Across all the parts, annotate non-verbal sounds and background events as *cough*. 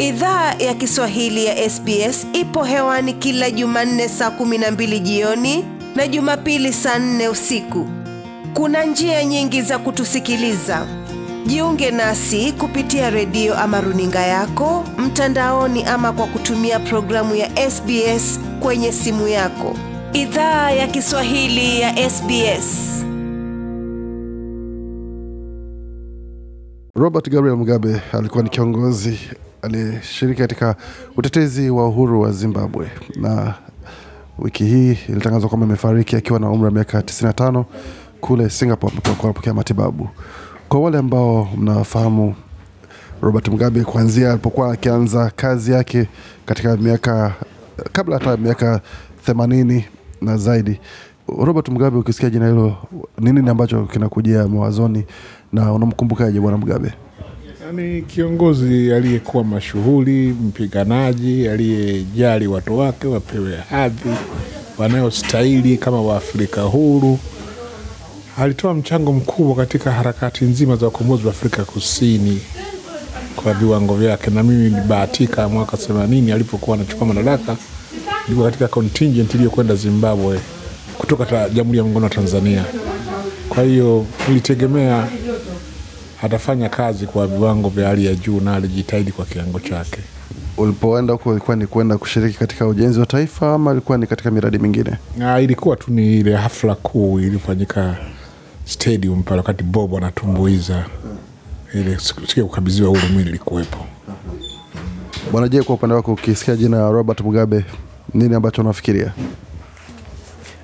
Idhaa ya Kiswahili ya SBS ipo hewani kila Jumanne saa kumi na mbili jioni na Jumapili saa nne usiku. Kuna njia nyingi za kutusikiliza. Jiunge nasi kupitia redio ama runinga yako mtandaoni, ama kwa kutumia programu ya SBS kwenye simu yako. Idhaa ya Kiswahili ya SBS. Robert Gabriel Mugabe alikuwa ni kiongozi alishiriki katika utetezi wa uhuru wa Zimbabwe na wiki hii ilitangazwa kwamba imefariki akiwa na umri wa miaka 95 kule Singapore ambapo anapokea matibabu. Kwa wale ambao mnafahamu Robert Mugabe kuanzia alipokuwa akianza kazi yake katika miaka kabla hata miaka 80 na zaidi. Robert Mugabe, ukisikia jina hilo, nini ambacho kinakujia mawazoni na unamkumbukaje bwana Mugabe? ni yaani, kiongozi aliyekuwa mashuhuri, mpiganaji aliyejali watu wake wapewe hadhi wanayostahili kama Waafrika huru. Alitoa mchango mkubwa katika harakati nzima za ukombozi wa Afrika Kusini kwa viwango vyake, na mimi nilibahatika mwaka 80 alipokuwa anachukua madaraka, nilikuwa katika contingent iliyokwenda Zimbabwe kutoka Jamhuri ya Muungano wa Tanzania. Kwa hiyo nilitegemea atafanya kazi kwa viwango vya hali ya juu na alijitahidi kwa kiwango chake. Ulipoenda huko ilikuwa ni kwenda kushiriki katika ujenzi wa taifa ama ilikuwa ni katika miradi mingine? Na, ilikuwa tu ni ile hafla kuu iliyofanyika stadium pale wakati Bob anatumbuiza ile siku ya kukabidhiwa uhuru mwili ilikuwepo. Bwana Je, kwa upande wako ukisikia jina la Robert Mugabe nini ambacho unafikiria?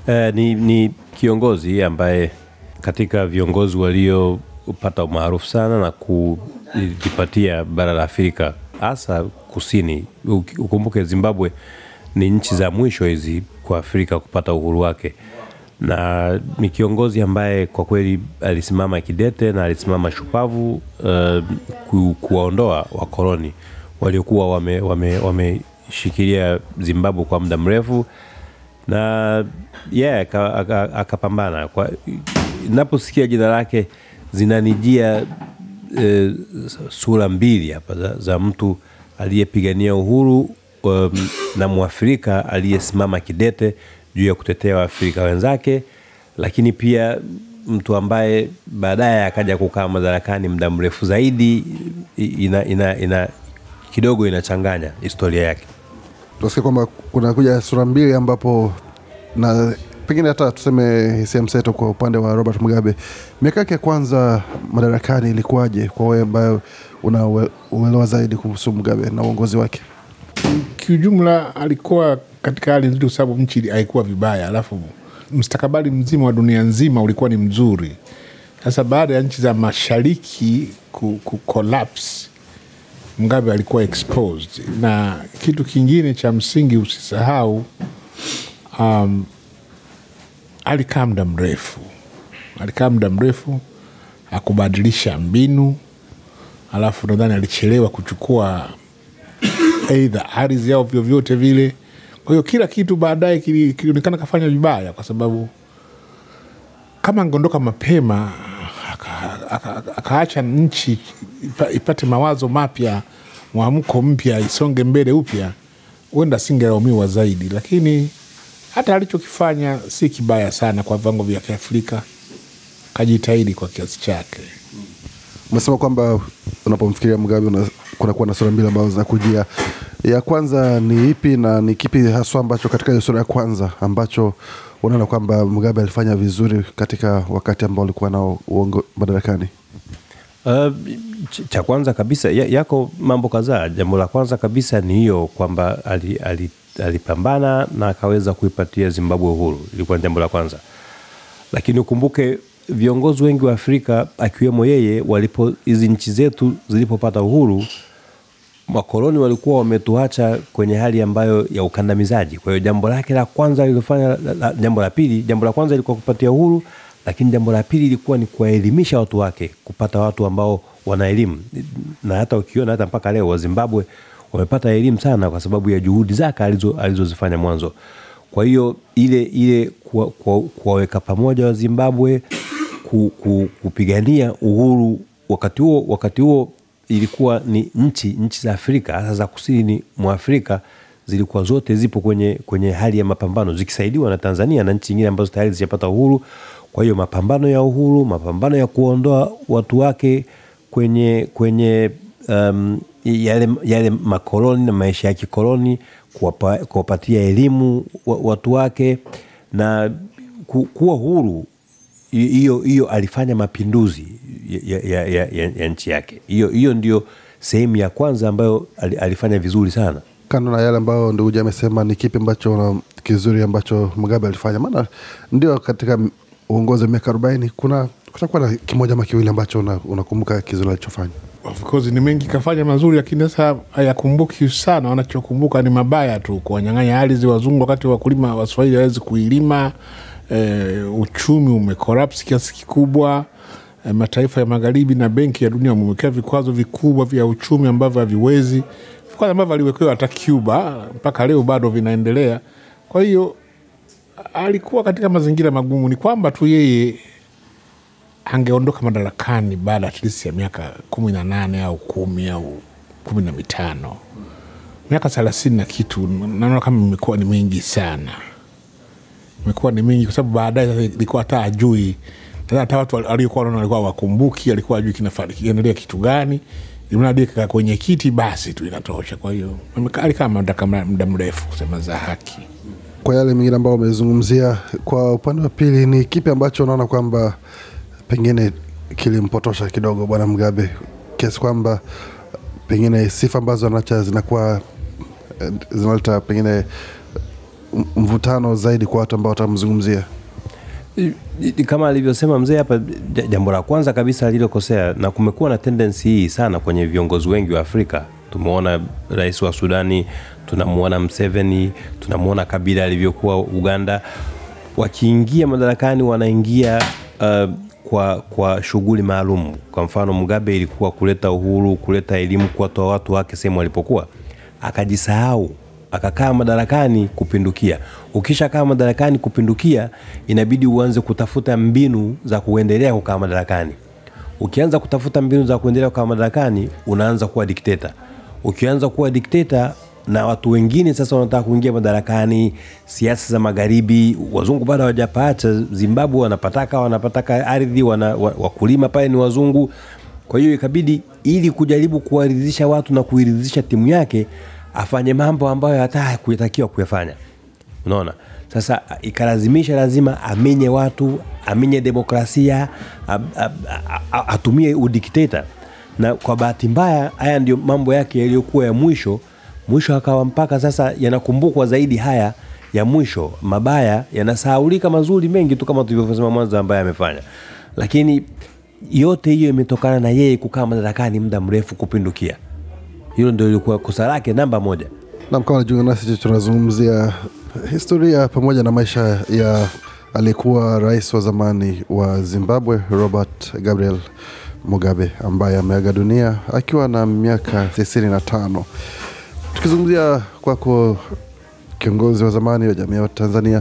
Uh, ni, ni kiongozi ambaye katika viongozi walio kupata umaarufu sana na kujipatia bara la Afrika hasa kusini. Ukumbuke Zimbabwe ni nchi za mwisho hizi kwa Afrika kupata uhuru wake, na ni kiongozi ambaye kwa kweli alisimama kidete na alisimama shupavu uh, kuwaondoa wakoloni waliokuwa wameshikilia wame, wame Zimbabwe kwa muda mrefu na yeye yeah, akapambana. Naposikia jina lake zinanijia e, sura mbili hapa za, za mtu aliyepigania uhuru um, na Mwafrika aliyesimama kidete juu ya kutetea Waafrika wenzake, lakini pia mtu ambaye baadaye akaja kukaa madarakani muda mrefu zaidi. Ina, ina, ina kidogo inachanganya historia yake. Tunasikia kwamba kunakuja sura mbili ambapo na pengine hata tuseme hisia mseto kwa upande wa Robert Mugabe, miaka yake ya kwanza madarakani ilikuwaje kwa wewe ambayo unauelewa zaidi kuhusu Mugabe na uongozi wake? Kiujumla alikuwa katika hali nzuri, kwa sababu nchi haikuwa vibaya, alafu mstakabali mzima wa dunia nzima ulikuwa ni mzuri. Sasa baada ya nchi za mashariki ku, ku alikuwa exposed. Na kitu kingine cha msingi usisahau, um, alikaa muda mrefu, alikaa muda mrefu akubadilisha mbinu, alafu nadhani alichelewa kuchukua aidha ardhi yao vyovyote vile. Kwa hiyo kila kitu baadaye kilionekana kafanya vibaya, kwa sababu kama angeondoka mapema akaacha nchi ipate mawazo mapya, mwamko mpya, isonge mbele upya, huenda asingelaumiwa zaidi, lakini hata alichokifanya si kibaya sana kwa viwango vya Kiafrika, kajitahidi kwa kiasi chake. Umesema kwamba unapomfikiria Mugabe una, kunakuwa na sura mbili ambazo zinakujia. Ya kwanza ni ipi na ni kipi haswa ambacho katika hiyo sura ya kwanza ambacho unaona kwamba Mgabe alifanya vizuri katika wakati ambao alikuwa nao uongo madarakani? Uh, cha kwanza kabisa ya, yako mambo kadhaa. Jambo la kwanza kabisa ni hiyo kwamba alitaka alipambana na akaweza kuipatia Zimbabwe uhuru. Ilikuwa ni jambo la kwanza, lakini ukumbuke viongozi wengi wa Afrika akiwemo yeye, walipo hizi nchi zetu zilipopata uhuru, makoloni walikuwa wametuacha kwenye hali ambayo ya ukandamizaji. Kwa hiyo jambo lake la kwanza lilofanya, jambo la pili, jambo la kwanza ilikuwa kupatia uhuru, lakini jambo la pili ilikuwa ni kuwaelimisha watu wake, kupata watu ambao wana elimu, na hata ukiona hata mpaka leo Wazimbabwe wamepata elimu sana kwa sababu ya juhudi zake alizozifanya alizo mwanzo. Kwa hiyo ile ile kuwaweka pamoja wa Zimbabwe ku, ku, kupigania uhuru wakati huo wakati huo ilikuwa ni nchi nchi za Afrika hasa za kusini mwa Afrika zilikuwa zote zipo kwenye, kwenye hali ya mapambano zikisaidiwa na Tanzania na nchi nyingine ambazo tayari zishapata uhuru. Kwa hiyo mapambano ya uhuru, mapambano ya kuondoa watu wake kwenye, kwenye um, yale, yale makoloni na maisha ya kikoloni, kuwapatia elimu watu wake na kuwa huru. Hiyo hiyo alifanya mapinduzi ya, ya, ya, ya, ya nchi yake. Hiyo hiyo ndio sehemu ya kwanza ambayo alifanya vizuri sana. Kando na yale ambayo ndugu Jay amesema, ni kipi ambacho kizuri ambacho Mugabe alifanya? Maana ndio katika uongozi wa miaka arobaini kuna kutakuwa na kimoja ama kiwili ambacho unakumbuka una kizuri alichofanya of course ni mengi kafanya mazuri, lakini sasa hayakumbuki sana. Wanachokumbuka ni mabaya tu, kuwanyang'anya ardhi wazungu wakati wakulima waswahili hawezi kuilima. E, uchumi umekorapsi kiasi kikubwa. E, mataifa ya magharibi na benki ya dunia wamewekea vikwazo vikubwa vya uchumi ambavyo haviwezi, vikwazo ambavyo aliwekewa hata Cuba mpaka leo bado vinaendelea. Kwa hiyo alikuwa katika mazingira magumu, ni kwamba tu yeye angeondoka madarakani baada at least ya miaka kumi na nane au kumi au kumi na mitano miaka thelathini na kitu, naona kama imekuwa ni mingi sana, imekuwa ni mingi kwa sababu baadaye ilikuwa hata ajui hata watu aliokuwa naona alikuwa wakumbuki, alikuwa ajui kinaendelea kitu gani, mradi kaka kwenye kiti basi tu inatosha. Kwa hiyo alikaa madaka muda mrefu kusema za haki. Kwa yale mengine ambayo umezungumzia, kwa upande wa pili, ni kipi ambacho unaona kwamba pengine kilimpotosha kidogo Bwana mgabe kiasi kwamba pengine sifa ambazo anacha zinakuwa eh, zinaleta pengine mvutano zaidi kwa watu ambao watamzungumzia kama alivyosema mzee hapa. Jambo la kwanza kabisa alilokosea, na kumekuwa na tendensi hii sana kwenye viongozi wengi wa Afrika. Tumeona rais wa Sudani, tunamwona Mseveni, tunamwona Kabila alivyokuwa Uganda. Wakiingia madarakani wanaingia uh, kwa, kwa shughuli maalum. Kwa mfano Mugabe ilikuwa kuleta uhuru, kuleta elimu, kuwatoa watu wake sehemu walipokuwa, akajisahau akakaa madarakani kupindukia. Ukishakaa madarakani kupindukia, inabidi uanze kutafuta mbinu za kuendelea kukaa madarakani. Ukianza kutafuta mbinu za kuendelea kukaa madarakani, unaanza kuwa dikteta. Ukianza kuwa dikteta, na watu wengine sasa wanataka kuingia madarakani, siasa za magharibi. Wazungu bado hawajapata Zimbabwe, wanapataka wanapataka ardhi, wana, wakulima pale ni wazungu. Kwa hiyo ikabidi, ili kujaribu kuwaridhisha watu na kuiridhisha timu yake, afanye mambo ambayo hata hakutakiwa kuyafanya. Unaona, sasa ikalazimisha lazima aminye watu, aminye demokrasia, atumie udikteta, na kwa bahati mbaya haya ndio mambo yake yaliyokuwa ya mwisho mwisho akawa mpaka sasa yanakumbukwa zaidi haya ya mwisho, mabaya yanasahaulika, mazuri mengi tu kama tulivyosema mwanzo ambaye amefanya, lakini yote hiyo imetokana na yeye kukaa madarakani muda mrefu kupindukia. Hilo ndio ilikuwa kosa lake namba moja. Nam, kama najunga nasi, tunazungumzia historia pamoja na maisha ya aliyekuwa rais wa zamani wa Zimbabwe Robert Gabriel Mugabe ambaye ameaga dunia akiwa na miaka 95. Tukizungumzia kwako kiongozi wa zamani wa jamii ya Tanzania,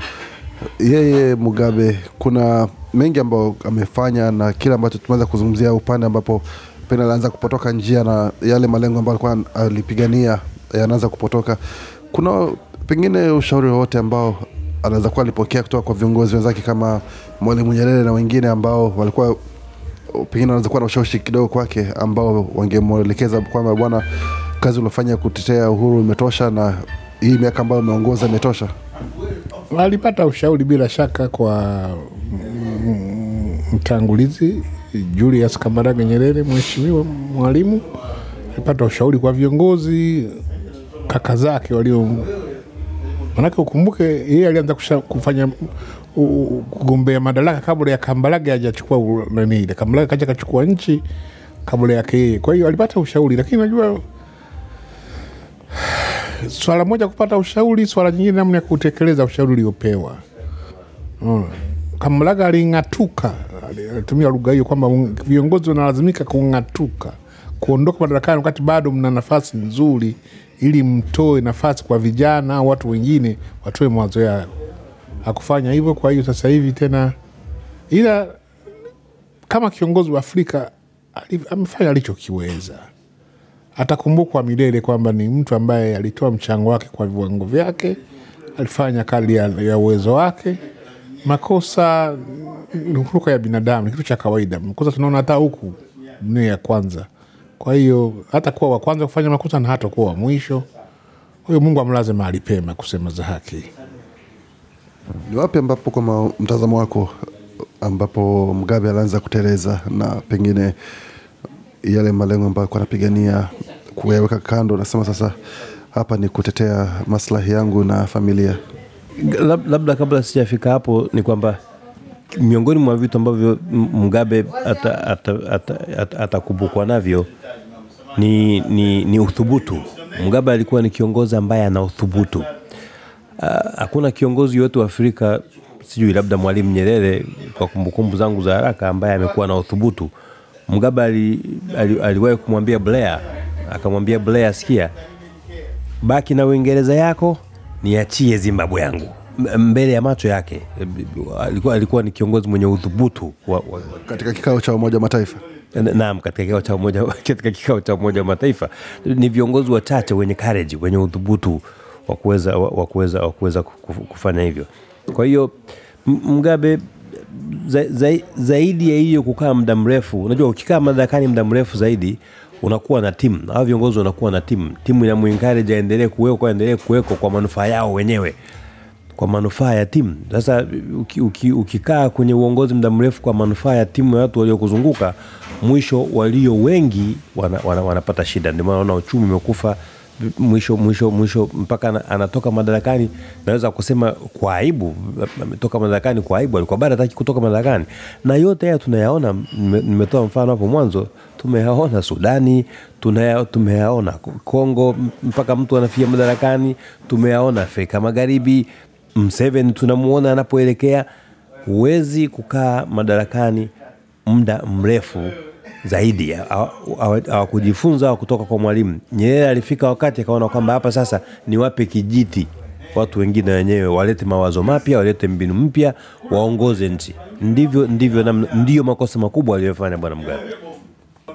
yeye Mugabe, kuna mengi ambayo amefanya na kile ambacho tunaweza kuzungumzia upande ambapo pengine alianza kupotoka njia na yale malengo ambayo alikuwa alipigania yanaanza kupotoka. Kuna pengine ushauri wowote ambao anaweza kuwa alipokea kutoka kwa viongozi wenzake kama Mwalimu Nyerere na wengine ambao walikuwa pengine wanaweza kuwa na ushawishi kidogo kwake ambao wangemwelekeza kwamba bwana kazi uliofanya kutetea uhuru imetosha na hii miaka ambayo umeongoza imetosha? Alipata ushauri bila shaka kwa mtangulizi Julius Kambarage Nyerere, mheshimiwa Mwalimu alipata ushauri kwa viongozi kaka zake walio, manake ukumbuke yeye alianza kufanya kugombea madaraka kabla ya Kambarage hajachukua nani ile. Kambarage kaja kachukua nchi kabla yake yeye, kwa hiyo alipata ushauri, lakini najua swala moja kupata ushauri, swala nyingine namna ya kutekeleza ushauri uliopewa. Unaona, Kamlaga aling'atuka, alitumia lugha hiyo kwamba viongozi wanalazimika kung'atuka, kuondoka madarakani wakati bado mna nafasi nzuri, ili mtoe nafasi kwa vijana au watu wengine watoe mawazo yao. Hakufanya hivyo. Kwa hiyo sasa hivi tena, ila kama kiongozi wa Afrika amefanya alichokiweza atakumbukwa milele kwamba ni mtu ambaye alitoa mchango wake kwa viwango vyake, alifanya kali ya uwezo wake. Makosa ni huruka ya binadamu, ni kitu cha kawaida. Makosa tunaona hata huku dunia ya kwanza. Kwa hiyo hata kuwa wa kwanza kufanya makosa na hata kuwa wa mwisho. Kwa hiyo Mungu amlaze mahali pema, kusema za haki. Ni wapi ambapo kwa mtazamo wako ambapo Mgabe alianza kuteleza na pengine yale malengo ambayo alikuwa anapigania kuyaweka kando, nasema sasa hapa ni kutetea maslahi yangu na familia. Lab, labda kabla sijafika hapo ni kwamba miongoni mwa vitu ambavyo Mugabe atakumbukwa ata, ata, ata, ata navyo ni, ni, ni uthubutu. Mugabe alikuwa ni kiongozi ambaye ana uthubutu. Ah, hakuna kiongozi yoyote wa Afrika, sijui labda Mwalimu Nyerere kwa kumbukumbu zangu za haraka, ambaye amekuwa na uthubutu Mugabe ali, ali, aliwahi kumwambia Blair, akamwambia Blair, sikia, baki na Uingereza yako, niachie Zimbabwe yangu mbele ya macho yake. Alikuwa, alikuwa ni kiongozi mwenye udhubutu wa, wa, katika kikao cha Umoja Mataifa naam, katika kikao cha umoja, *laughs* katika kikao cha Umoja wa Mataifa ni viongozi wachache wenye courage, wenye udhubutu wa kuweza kufanya hivyo. Kwa hiyo Mugabe za, za, zaidi ya hiyo kukaa muda mrefu, unajua ukikaa madarakani muda mrefu zaidi unakuwa na timu au viongozi wanakuwa na timu, timu inamuencourage aendelee kuweko aendelee kuweko kwa manufaa yao wenyewe, kwa manufaa ya timu. Sasa uki, uki, ukikaa kwenye uongozi muda mrefu kwa manufaa ya timu ya watu waliokuzunguka, mwisho walio wengi wana, wana, wanapata shida. Ndio maana unaona uchumi umekufa mwisho mwisho mwisho mpaka anatoka madarakani. Naweza kusema kwa aibu, ametoka madarakani kwa aibu, alikuwa bado hataki kutoka madarakani. Na yote haya tunayaona, nimetoa mfano hapo mwanzo, tumeyaona Sudani, tumeyaona Kongo, mpaka mtu anafia madarakani, tumeyaona Afrika Magharibi. Mseveni tunamuona anapoelekea. Huwezi kukaa madarakani muda mrefu zaidi, hawakujifunza kutoka kwa mwalimu. Nyerere alifika wakati akaona kwamba hapa sasa niwape kijiti watu wengine wenyewe walete mawazo mapya, walete mbinu mpya, waongoze nchi. Ndivyo, ndivyo ndiyo makosa makubwa aliyofanya Bwana Mugabe.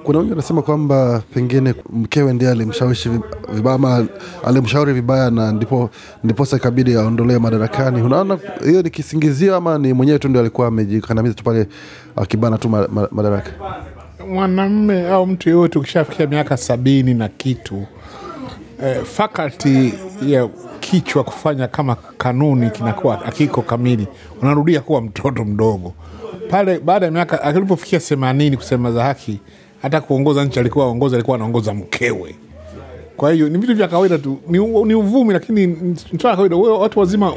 Kuna wengi wanasema kwamba pengine mkewe ndiye alimshawishi vibaya ama alimshauri vibaya, na ndipo ndiposa ikabidi aondolewe madarakani. Unaona, hiyo ni kisingizio ama ni mwenyewe tu ndio alikuwa amejikandamiza tu pale akibana tu madaraka? mwanamme au mtu yoyote ukishafikia miaka sabini na kitu eh, fakati ya kichwa kufanya kama kanuni kinakuwa akiko kamili, unarudia kuwa mtoto mdogo pale. Baada ya miaka alipofikia themanini, kusema za haki, hata kuongoza nchi alikuwa aongoza, alikuwa anaongoza mkewe. Kwa hiyo ni vitu vya kawaida tu, ni, ni uvumi, lakini ni kawaida. Watu wazima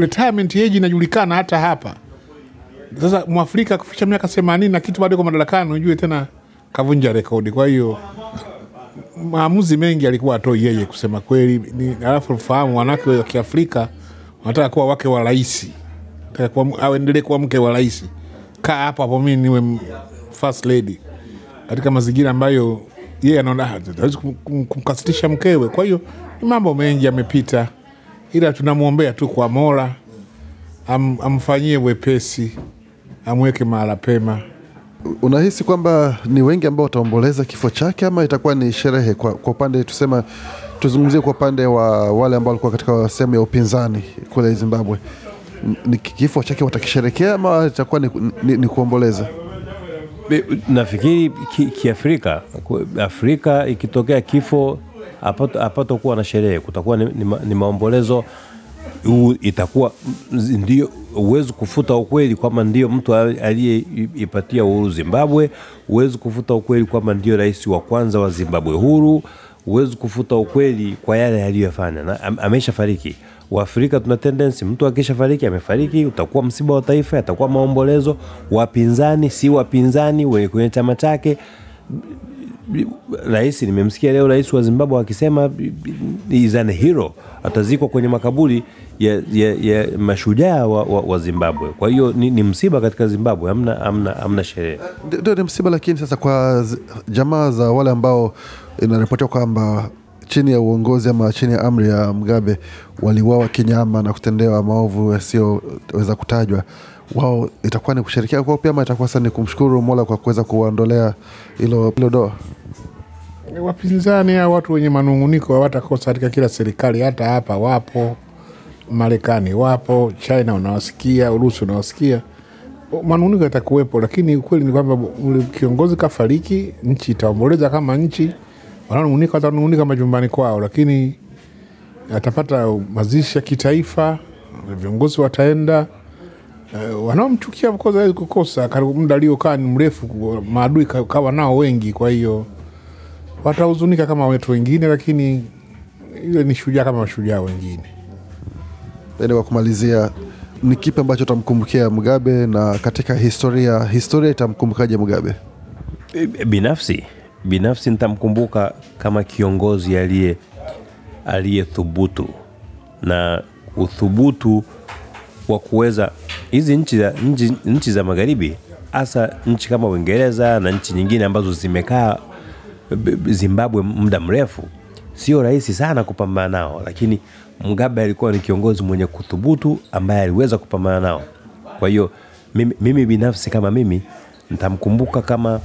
retirement age inajulikana hata hapa. Sasa mwafrika kufikisha miaka themanini na kitu bado iko madarakani, ujue tena kavunja rekodi. Kwa hiyo maamuzi mengi alikuwa atoi yeye kusema kweli. Alafu fahamu, wanawake wa Kiafrika wanataka kuwa wake wa rais, aendelee kuwa mke wa rais. Kaa hapo hapo, mimi niwe first lady, katika mazingira ambayo yeye anaona hawezi kumkasitisha mkewe. Kwa hiyo ni mambo mengi yamepita, ila tunamwombea tu kwa Mola am, amfanyie wepesi amweke mahala pema. Unahisi kwamba ni wengi ambao wataomboleza kifo chake ama itakuwa ni sherehe kwa, kwa upande tusema, tuzungumzie kwa upande wa wale ambao walikuwa katika sehemu ya upinzani kule Zimbabwe, ni kifo chake watakisherekea ama itakuwa ni, ni, ni kuomboleza? Nafikiri kiafrika ki Afrika ikitokea kifo hapatokuwa na sherehe, kutakuwa ni, ni, ma, ni maombolezo. Huu itakuwa ndio huwezi kufuta ukweli kwamba ndio mtu aliyeipatia uhuru Zimbabwe. Huwezi kufuta ukweli kwamba ndio rais wa kwanza wa Zimbabwe huru. Huwezi kufuta ukweli kwa yale aliyofanya, na am, ameshafariki. Waafrika tuna tendency, mtu akisha fariki amefariki, utakuwa msiba wa taifa, atakuwa maombolezo. Wapinzani si wapinzani wenye kwenye chama chake Rais nimemsikia leo rais wa Zimbabwe akisema is an hero, atazikwa kwenye makaburi ya, ya, ya mashujaa wa, wa, wa Zimbabwe. Kwa hiyo ni, ni msiba katika Zimbabwe, amna, amna, amna sherehe, ndio ni msiba. Lakini sasa kwa jamaa za wale ambao inaripotiwa kwamba chini ya uongozi ama chini ya amri ya mgabe waliwawa kinyama na kutendewa maovu yasiyoweza kutajwa, wao itakuwa ni kusherekea kwao pia ama itakuwa sasa ni kumshukuru Mola kwa kuweza kuwaondolea hilo doa? Wapinzani au watu wenye manunguniko hawatakosa katika kila serikali, hata hapa wapo. Marekani wapo, China unawasikia, Urusi unawasikia, manuniko yatakuwepo, lakini ukweli ni kwamba kiongozi kafariki, nchi itaomboleza kama nchi. Wanaonunika watanunika majumbani kwao, lakini atapata mazishi ya kitaifa, viongozi wataenda. Uh, wanaomchukia hawezi kukosa, muda aliokaa ni mrefu, maadui kawa nao wengi, kwa hiyo watahuzunika kama wetu wengine, lakini ile ni shujaa kama shujaa wengine. Yaani, kwa kumalizia, ni kipi ambacho utamkumbukia Mugabe na katika historia, historia itamkumbukaje Mugabe? Eh, binafsi binafsi nitamkumbuka kama kiongozi aliye aliyethubutu na uthubutu wa kuweza hizi nchi za, nchi, nchi za magharibi hasa nchi kama Uingereza na nchi nyingine ambazo zimekaa eh, Zimbabwe muda mrefu sio rahisi sana kupambana nao, lakini Mugabe alikuwa ni kiongozi mwenye kuthubutu ambaye aliweza kupambana nao. Kwa hiyo mimi, mimi binafsi kama mimi nitamkumbuka kama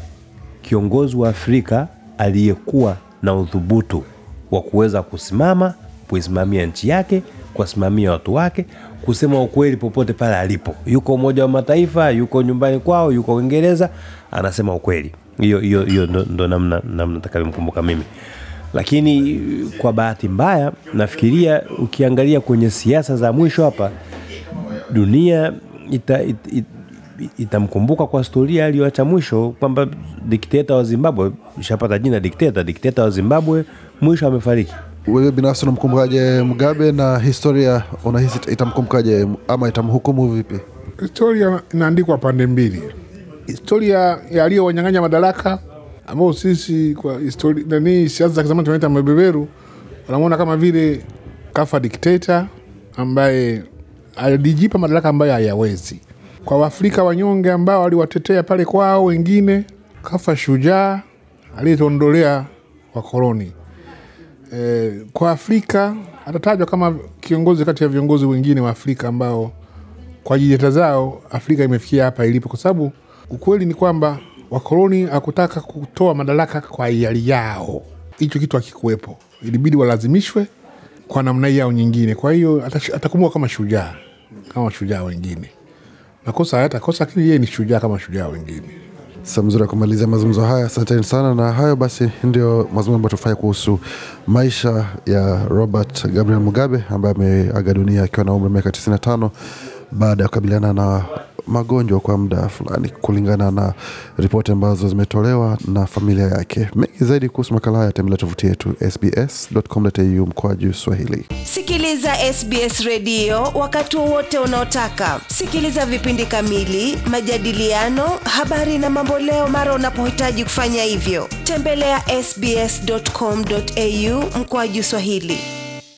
kiongozi wa Afrika aliyekuwa na uthubutu wa kuweza kusimama kuisimamia nchi yake, kuwasimamia watu wake, kusema ukweli popote pale alipo. Yuko Umoja wa Mataifa, yuko nyumbani kwao, yuko Uingereza, anasema ukweli. Hiyo hiyo hiyo ndo namna namna mimi. Lakini kwa bahati mbaya, nafikiria ukiangalia kwenye siasa za mwisho hapa, dunia ita, it, it, itamkumbuka kwa storia aliyoacha mwisho kwamba dikteta wa Zimbabwe ishapata jina dikteta, dikteta wa Zimbabwe mwisho amefariki. Wewe binafsi unamkumbukaje Mugabe na historia unahisi itamkumbukaje ama itamhukumu vipi? Historia inaandikwa pande mbili, historia yaliyowanyang'anya madaraka ambao sisi kwa histori nani siasa za kizamani tunaita mabeberu wanamwona kama vile kafa dikteta ambaye alijipa madaraka ambayo hayawezi. Kwa Waafrika wanyonge ambao waliwatetea pale kwao, wengine kafa shujaa aliyetuondolea wakoloni. E, kwa Afrika atatajwa kama kiongozi kati ya viongozi wengine wa Afrika ambao kwa jitihada zao Afrika imefikia hapa ilipo, kwa sababu ukweli ni kwamba wakoloni hakutaka kutoa madaraka kwa hiari yao, hicho kitu hakikuwepo, ilibidi walazimishwe kwa namna yao nyingine. Kwa hiyo atakumbuka kama shujaa kama shujaa wengine, makosa hayatakosa, lakini yeye ni shujaa kama shujaa wengine. Sasa mzuri ya kumalizia mazungumzo haya. Asanteni sana, na hayo basi ndio mazungumzo ambayo tufanya kuhusu maisha ya Robert Gabriel Mugabe ambaye ameaga dunia akiwa na umri wa miaka 95 baada ya kukabiliana na magonjwa kwa muda fulani, kulingana na ripoti ambazo zimetolewa na familia yake. Mengi zaidi kuhusu makala haya, tembelea tovuti yetu sbs.com.au juu Swahili. Sikiliza SBS redio wakati wowote unaotaka. Sikiliza vipindi kamili, majadiliano, habari na mamboleo mara unapohitaji kufanya hivyo. Tembelea sbs.com.au juu Swahili.